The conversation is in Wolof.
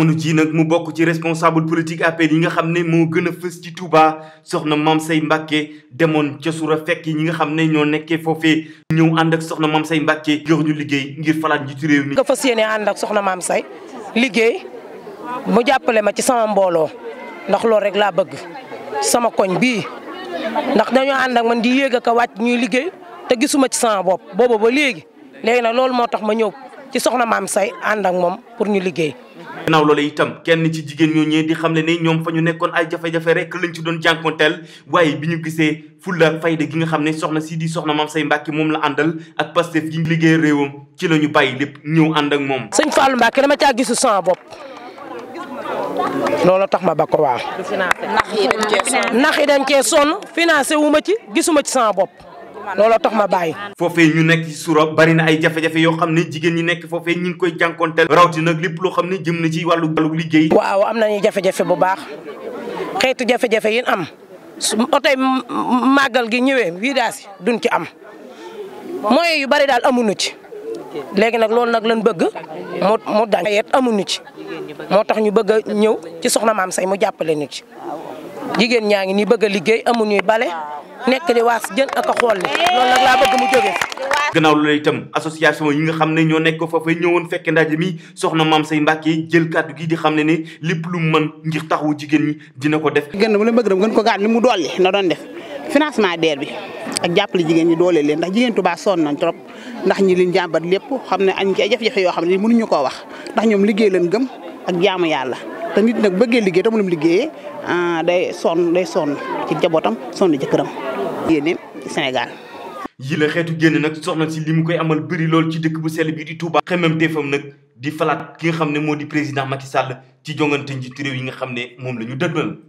mënu ji nag mu bokk ci responsable politique APR yi nga xam ne moo gën a fës ci Touba soxna Mame Say Mbacké demoon ca Soura fekk ñi nga xam ne ñoo nekkee foofee ñëw ànd ak soxna Mame Say Mbacké jox ñu liggéey ngir falaat njiitu réew mi. nga fas yéene ànd ak soxna Say liggéey mu jàppale ma ci sama mbooloo ndax loolu rek laa bëgg sama koñ bii ndax dañoo ànd ak man di yéeg ak a wàcc ñuy liggéey te gisuma ci sama bopp boobu ba léegi léegi nag loolu moo tax ma ñëw ci soxna Mame Say ànd ak moom pour ñu liggéey. ginnaaw loola itam kenn ci jigéen ñoo ñee di xam le ne ñoom fa ñu nekkoon ay jafe-jafe rek lañ ci doon jànkonteel waaye bi ñu gisee fulla fayda gi nga xam ne soxna si di soxna Mame say Mbacké moom la àndal ak Pastef gi liggéey réewam ci la ñu bàyyi lépp ñëw ànd ak moom sëñ Fallou Mbacké dama caa gisu sama bopp loolu tax ma ba ko waaw nax yi dañ cee sonn financé wu ma ci gisuma ci sama bopp looloo tax ma bàyyi. foofee ñu nekk ci suura bari na ay jafe-jafe yoo xam ne jigéen ñi nekk foofee ñu ngi koy jànkonteel rawti nag lépp loo xam ne jëm na ci wàllu wàllu liggéey. waaw am nañu jafe-jafe bu baax xeetu jafe-jafe yi am su otoy màggal gi ñëwee vidange duñ ci am moyens yu bari daal amuñu ci. léegi nag loolu nag lañ bëgg mu mu dañ yet amuñu ci moo tax ñu bëgg ñëw ci soxna maam say mu jàppale ñu ci jigéen ñaa ngi nii bëgg a liggéey amuñuy bale nekk di waas jën ak a xool ne loolu nag laa yi nga xam ne ñoo nekk foofee ñëwoon fekke ndaje mi soxna maam say Mbàkke jël kàddu gi di xam ne ne lépp lu mën ngir taxawu jigéen ñi dina ko def gën mu leen bëgg gën ko gaan li mu dolli na doon def financement DER bi ak jàppale jigéen ñi doole leen ndax jigéen Tuubaa sonn nañ trop ndax ñi liñ jàmbat lépp xam ne añ ci ay jafe-jafe yoo xam ne mënuñu ko wax ndax ñoom liggéey leen gëm ak jaamu yàlla te nit nag bëggee liggéey tam lu mu liggéeyee ah, day son day son ci njabootam sonn ci këram yéene Sénégal. yi la xeetu génn nag soxna si li mu koy amal bëri lool ci dëkk bu sell bi di Touba. xemam teefam nag di falaat ki nga xam ne moo di président Macky Sall ci jongante njiitu réew yi nga xam ne moom la ñu dëgmal.